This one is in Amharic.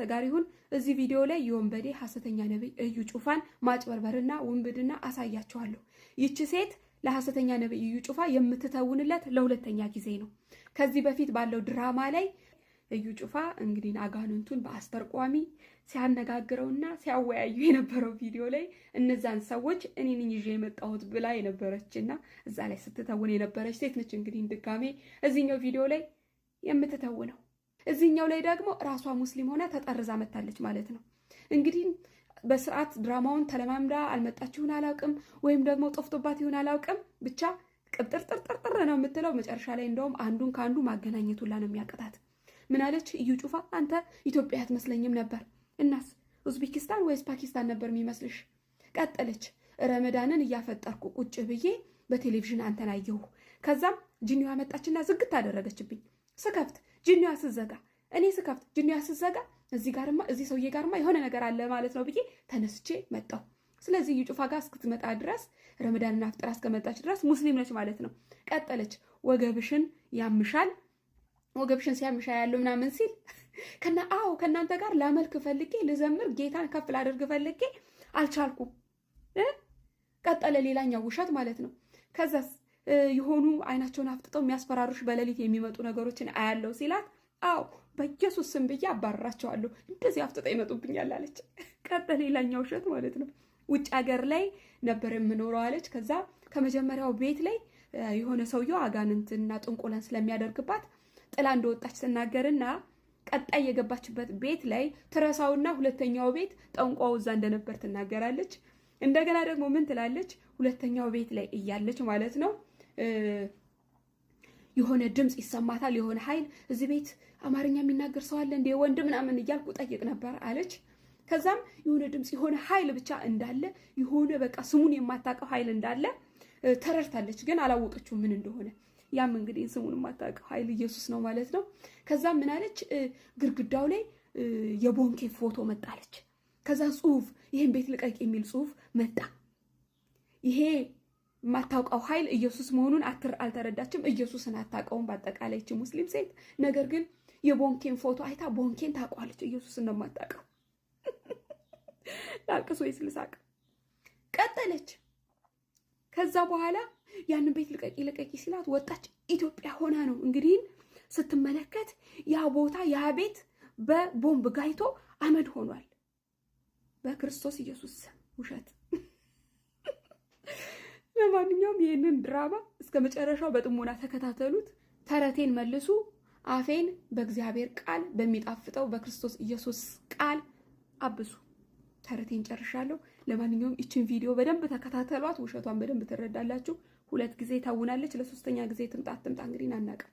ከእናንተ ጋር ይሁን። እዚህ ቪዲዮ ላይ የወንበዴ ሐሰተኛ ነቢይ እዩ ጩፋን ማጭበርበርና ውንብድና አሳያችኋለሁ። ይቺ ሴት ለሐሰተኛ ነቢይ እዩ ጩፋ የምትተውንለት ለሁለተኛ ጊዜ ነው። ከዚህ በፊት ባለው ድራማ ላይ እዩ ጩፋ እንግዲህ አጋንንቱን በአስተርቋሚ ሲያነጋግረውና ሲያወያዩ የነበረው ቪዲዮ ላይ እነዛን ሰዎች እኔን ይዤ የመጣሁት ብላ የነበረችና እዛ ላይ ስትተውን የነበረች ሴት ነች። እንግዲህ ድጋሜ እዚህኛው ቪዲዮ ላይ የምትተው ነው። እዚህኛው ላይ ደግሞ ራሷ ሙስሊም ሆና ተጠርዛ መታለች ማለት ነው። እንግዲህ በስርዓት ድራማውን ተለማምዳ አልመጣችሁን አላውቅም፣ ወይም ደግሞ ጦፍቶባት ይሁን አላውቅም። ብቻ ቅጥርጥርጥርጥር ነው የምትለው። መጨረሻ ላይ እንደውም አንዱን ከአንዱ ማገናኘት ሁላ ነው የሚያቀጣት። ምናለች እዩ ጩፋ፣ አንተ ኢትዮጵያ አትመስለኝም ነበር። እናስ ኡዝቤኪስታን ወይስ ፓኪስታን ነበር የሚመስልሽ? ቀጠለች። ረመዳንን እያፈጠርኩ ቁጭ ብዬ በቴሌቪዥን አንተን አየሁ። ከዛም ጅኒዋ መጣችና ዝግት አደረገችብኝ። ስከፍት ጅኒያ ስዘጋ እኔ ስከፍት ጅኒያ ስዘጋ እዚህ ጋርማ እዚህ ሰውዬ ጋርማ የሆነ ነገር አለ ማለት ነው ብዬ ተነስቼ መጣሁ። ስለዚህ ጩፋ ጋር እስክትመጣ ድረስ ረመዳንና ፍጥራ እስከመጣች ድረስ ሙስሊም ነች ማለት ነው። ቀጠለች። ወገብሽን ያምሻል ወገብሽን ሲያምሻ ያለው ምናምን ሲል ከና አዎ ከእናንተ ጋር ላመልክ ፈልጌ ልዘምር ጌታን ከፍ ላደርግ ፈልጌ አልቻልኩም። ቀጠለ ሌላኛው ውሸት ማለት ነው። ከዛስ የሆኑ አይናቸውን አፍጥጠው የሚያስፈራሩሽ በሌሊት የሚመጡ ነገሮችን አያለው ሲላት፣ አዎ በኢየሱስ ስም ብዬ አባርራቸዋለሁ እንደዚህ አፍጥጠው ይመጡብኛል አለች። ቀጠ ሌላኛው ውሸት ማለት ነው። ውጭ ሀገር ላይ ነበር የምኖረው አለች። ከዛ ከመጀመሪያው ቤት ላይ የሆነ ሰውየው አጋንንትና ጥንቆለን ስለሚያደርግባት ጥላ እንደወጣች ትናገርና ቀጣይ የገባችበት ቤት ላይ ትረሳውና ሁለተኛው ቤት ጠንቋው እዛ እንደነበር ትናገራለች። እንደገና ደግሞ ምን ትላለች? ሁለተኛው ቤት ላይ እያለች ማለት ነው የሆነ ድምፅ ይሰማታል። የሆነ ኃይል እዚህ ቤት አማርኛ የሚናገር ሰው አለ እንዴ ወንድ ምናምን እያልኩ ጠይቅ ነበር አለች። ከዛም የሆነ ድምፅ የሆነ ኃይል ብቻ እንዳለ የሆነ በቃ ስሙን የማታውቀው ኃይል እንዳለ ተረድታለች፣ ግን አላወቀችው ምን እንደሆነ። ያም እንግዲህ ስሙን የማታውቀው ኃይል ኢየሱስ ነው ማለት ነው። ከዛም ምን አለች? ግድግዳው ላይ የቦንኬ ፎቶ መጣለች። ከዛ ጽሁፍ ይሄን ቤት ልቀቅ የሚል ጽሁፍ መጣ። ይሄ የማታውቀው ኃይል ኢየሱስ መሆኑን አልተረዳችም። ኢየሱስን አታውቀውም በአጠቃላይች ሙስሊም ሴት። ነገር ግን የቦንኬን ፎቶ አይታ ቦንኬን ታውቀዋለች፣ ኢየሱስን ነው የማታውቀው። ላልቅስ ወይስ ልሳቅ? ቀጠለች። ከዛ በኋላ ያንን ቤት ልቀቂ ልቀቂ ሲላት ወጣች። ኢትዮጵያ ሆና ነው እንግዲህ ስትመለከት ያ ቦታ ያ ቤት በቦምብ ጋይቶ አመድ ሆኗል። በክርስቶስ ኢየሱስ ውሸት ለማንኛውም ይህንን ድራማ እስከ መጨረሻው በጥሞና ተከታተሉት። ተረቴን መልሱ። አፌን በእግዚአብሔር ቃል በሚጣፍጠው በክርስቶስ ኢየሱስ ቃል አብሱ። ተረቴን ጨርሻለሁ። ለማንኛውም ይችን ቪዲዮ በደንብ ተከታተሏት። ውሸቷን በደንብ ትረዳላችሁ። ሁለት ጊዜ ታውናለች። ለሶስተኛ ጊዜ ትምጣት ትምጣ እንግዲህ አናውቅም።